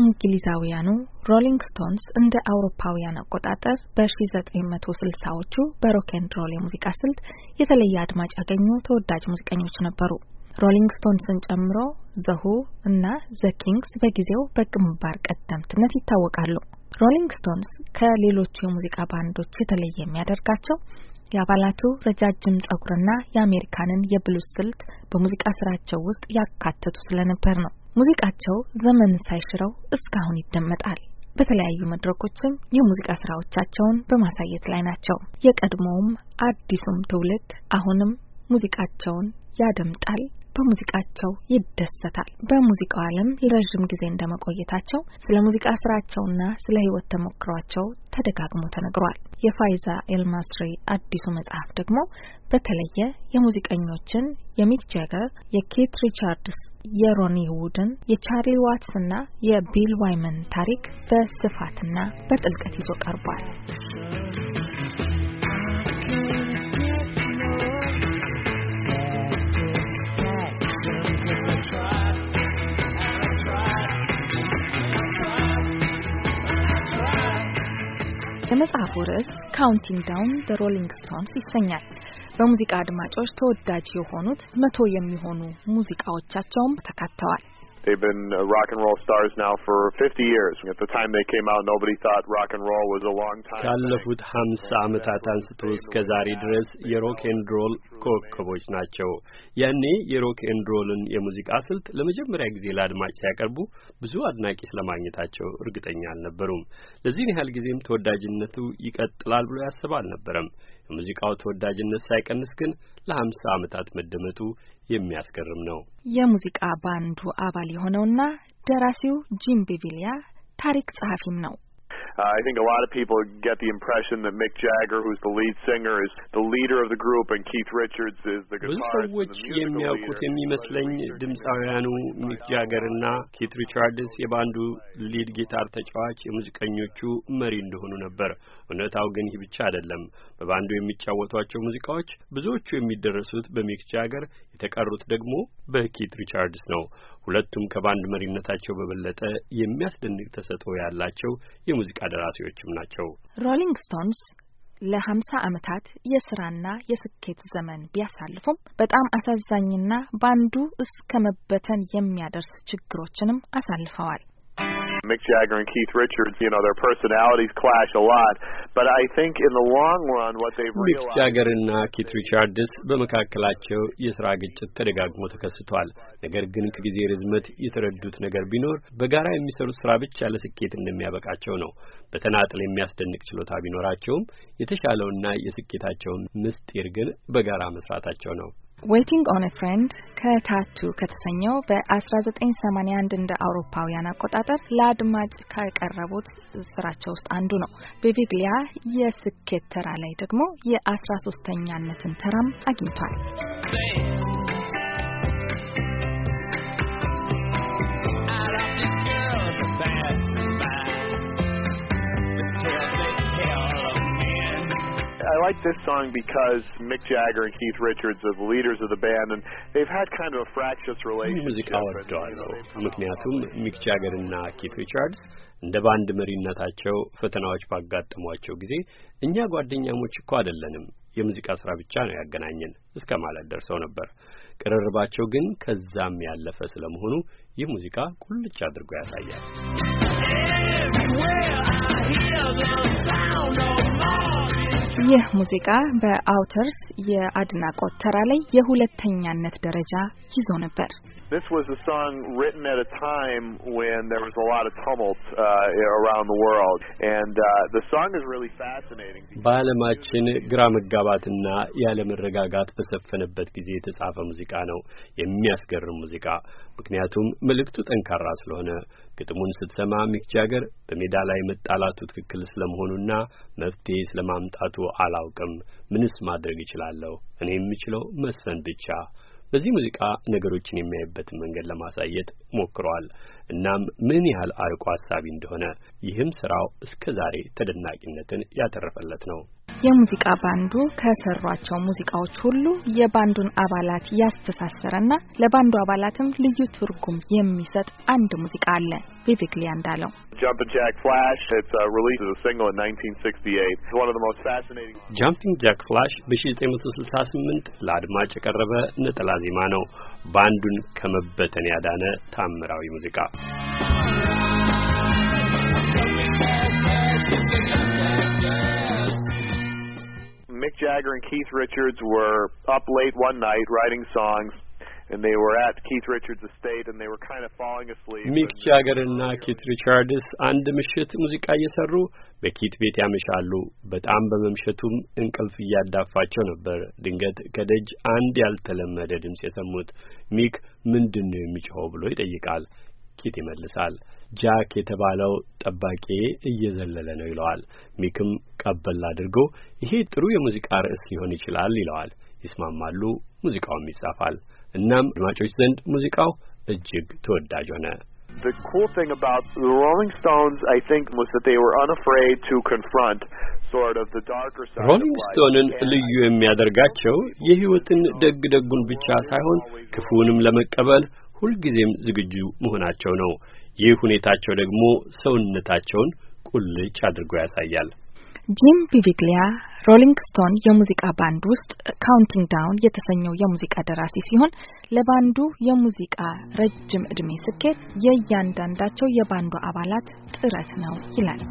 እንግሊዛውያኑ ሮሊንግ ስቶንስ እንደ አውሮፓውያን አቆጣጠር በ1960ዎቹ በሮኬንድሮል የሙዚቃ ስልት የተለየ አድማጭ ያገኙ ተወዳጅ ሙዚቀኞች ነበሩ። ሮሊንግ ስቶንስን ጨምሮ ዘሁ እና ዘ ኪንግስ በጊዜው በግንባር ቀደምትነት ይታወቃሉ። ሮሊንግ ስቶንስ ከሌሎቹ የሙዚቃ ባንዶች የተለየ የሚያደርጋቸው የአባላቱ ረጃጅም ጸጉርና የአሜሪካንን የብሉስ ስልት በሙዚቃ ስራቸው ውስጥ ያካተቱ ስለነበር ነው። ሙዚቃቸው ዘመን ሳይሽረው እስካሁን ይደመጣል። በተለያዩ መድረኮችም የሙዚቃ ስራዎቻቸውን በማሳየት ላይ ናቸው። የቀድሞውም አዲሱም ትውልድ አሁንም ሙዚቃቸውን ያደምጣል፣ በሙዚቃቸው ይደሰታል። በሙዚቃው ዓለም ለረዥም ጊዜ እንደመቆየታቸው ስለ ሙዚቃ ስራቸውና ስለ ሕይወት ተሞክሯቸው ተደጋግሞ ተነግሯል። የፋይዛ ኤልማስሪ አዲሱ መጽሐፍ ደግሞ በተለየ የሙዚቀኞችን የሚክ ጃገር፣ የኬት ሪቻርድስ የሮኒ ውድን የቻርሊ ዋትስ እና የቢል ዋይመን ታሪክ በስፋትና በጥልቀት ይዞ ቀርቧል። የመጽሐፉ ርዕስ ካውንቲንግ ዳውን ዘ ሮሊንግ ስቶንስ ይሰኛል። በሙዚቃ አድማጮች ተወዳጅ የሆኑት መቶ የሚሆኑ ሙዚቃዎቻቸውም ተካተዋል። They've been uh, rock and roll stars now for 50 years. At the time they came out, nobody thought rock and roll was a long time. ካለፉት 50 ዓመታት አንስቶ እስከ ዛሬ ድረስ የሮክ ኤንድ ሮል ኮከቦች ናቸው። ያኔ የሮክ ኤንድ ሮልን የሙዚቃ ስልት ለመጀመሪያ ጊዜ ለአድማጭ ሲያቀርቡ ብዙ አድናቂ ስለማግኘታቸው እርግጠኛ አልነበሩም። ለዚህን ያህል ጊዜም ተወዳጅነቱ ይቀጥላል ብሎ ያስብ አልነበረም። የሙዚቃው ተወዳጅነት ሳይቀንስ ግን ለሀምሳ ዓመታት መደመጡ የሚያስገርም ነው። የሙዚቃ ባንዱ አባል የሆነውና ደራሲው ጂም ቢቪሊያ ታሪክ ጸሐፊም ነው። Uh, I think a lot of people get the impression that Mick Jagger, who's the lead singer, is the leader of the group, and Keith Richards is the guitarist. ብዙ ሰዎች የሚያውቁት የሚመስለኝ ድምፃውያኑ ሚክ ጃገርና ኬት ሪቻርድስ የባንዱ ሊድ ጊታር ተጫዋች የሙዚቀኞቹ መሪ እንደሆኑ ነበር። እውነታው ግን ይህ ብቻ አይደለም። በባንዱ የሚጫወቷቸው ሙዚቃዎች ብዙዎቹ የሚደረሱት በሚክ ጃገር፣ የተቀሩት ደግሞ በኪት ሪቻርድስ ነው። ሁለቱም ከባንድ መሪነታቸው በበለጠ የሚያስደንቅ ተሰጥኦ ያላቸው የሙዚቃ ደራሲዎችም ናቸው። ሮሊንግ ስቶንስ ለሀምሳ ዓመታት የስራና የስኬት ዘመን ቢያሳልፉም በጣም አሳዛኝና ባንዱ እስከ መበተን የሚያደርስ ችግሮችንም አሳልፈዋል። Mick Jagger and Keith Richards, you know, their personalities clash a lot. But I think in the long run what they've Mick realized ጃገርና ኪት ሪቻርድስ በመካከላቸው የሥራ ግጭት ተደጋግሞ ተከስቷል። ነገር ግን ከጊዜ ርዝመት የተረዱት ነገር ቢኖር በጋራ የሚሰሩት ስራ ብቻ ለስኬት እንደሚያበቃቸው ነው። በተናጥል የሚያስደንቅ ችሎታ ቢኖራቸውም የተሻለውና የስኬታቸውን ምስጢር ግን በጋራ መስራታቸው ነው። ዌቲንግ ኦን ፍሬንድ ከታቱ ከተሰኘው በ1981 እንደ አውሮፓውያን አቆጣጠር ለአድማጭ ከቀረቡት ስራቸው ውስጥ አንዱ ነው። በቪግሊያ የስኬት ተራ ላይ ደግሞ የ13ተኛነትን ተራም አግኝቷል። like this song because Mick Jagger and Keith Richards are the leaders of the band, and they've had kind of a fractious relationship. ሙዚቃ ወደዋለሁ ምክንያቱም ሚክ ጃገር እና ኬት ሪቻርድስ እንደ ባንድ መሪነታቸው ፈተናዎች ባጋጠሟቸው ጊዜ እኛ ጓደኛሞች እኮ አይደለንም የሙዚቃ ስራ ብቻ ነው ያገናኘን እስከ ማለት ደርሰው ነበር። ቅርርባቸው ግን ከዛም ያለፈ ስለመሆኑ ይህ ሙዚቃ ቁልጭ አድርጎ ያሳያል። ይህ ሙዚቃ በአውተርስ የአድናቆት ተራ ላይ የሁለተኛነት ደረጃ ይዞ ነበር። This was a song written at a time when there was a lot of tumult uh, around the world, and uh, the song is really fascinating. በዓለማችን ግራ መጋባትና ያለመረጋጋት በሰፈነበት ጊዜ የተጻፈ ሙዚቃ ነው። የሚያስገርም ሙዚቃ፣ ምክንያቱም መልእክቱ ጠንካራ ስለሆነ ግጥሙን ስትሰማ ሚክ ጃገር በሜዳ ላይ መጣላቱ ትክክል ስለመሆኑና መፍትሄ ስለማምጣቱ አላውቅም፣ ምንስ ማድረግ እችላለሁ? እኔ የምችለው መስፈን ብቻ። በዚህ ሙዚቃ ነገሮችን የሚያይበትን መንገድ ለማሳየት ሞክሯል። እናም ምን ያህል አርቆ ሀሳቢ እንደሆነ ይህም ስራው እስከ ዛሬ ተደናቂነትን ያተረፈለት ነው። የሙዚቃ ባንዱ ከሰሯቸው ሙዚቃዎች ሁሉ የባንዱን አባላት ያስተሳሰረና ለባንዱ አባላትም ልዩ ትርጉም የሚሰጥ አንድ ሙዚቃ አለ። ቪቪክሊ እንዳለው ጃምፒንግ ጃክ ፍላሽ ጃክ ፍላሽ በ1968 ለአድማጭ የቀረበ ነጠላ ዜማ ነው። ባንዱን ከመበተን ያዳነ ታምራዊ ሙዚቃ Jagger and Keith Richards were up late one night writing songs, and they were at Keith Richards' estate, and they were kind of falling asleep. ሚክ ጃገር እና ኪት ሪቻርድስ አንድ ምሽት ሙዚቃ እየሰሩ በኪት ቤት ያመሻሉ። በጣም በመምሸቱም እንቅልፍ እያዳፋቸው ነበር። ድንገት ከደጅ አንድ ያልተለመደ ድምፅ የሰሙት። ሚክ ምንድን ነው የሚጮኸው ብሎ ይጠይቃል። ኪት ይመልሳል ጃክ የተባለው ጠባቂ እየዘለለ ነው ይለዋል። ሚክም ቀበል አድርጎ ይሄ ጥሩ የሙዚቃ ርዕስ ሊሆን ይችላል ይለዋል። ይስማማሉ፣ ሙዚቃውም ይጻፋል። እናም አድማጮች ዘንድ ሙዚቃው እጅግ ተወዳጅ ሆነ። The cool thing about the Rolling Stones, I think, was that they were unafraid to confront sort of the darker side. Rolling Stones ልዩ የሚያደርጋቸው የሕይወትን ደግ ደጉን ብቻ ሳይሆን ክፉንም ለመቀበል ሁልጊዜም ዝግጁ መሆናቸው ነው። ይህ ሁኔታቸው ደግሞ ሰውነታቸውን ቁልጭ አድርጎ ያሳያል። ጂም ቢቪግሊያ ሮሊንግ ስቶን የሙዚቃ ባንድ ውስጥ ካውንቲንግ ዳውን የተሰኘው የሙዚቃ ደራሲ ሲሆን ለባንዱ የሙዚቃ ረጅም ዕድሜ ስኬት የእያንዳንዳቸው የባንዱ አባላት ጥረት ነው ይላል።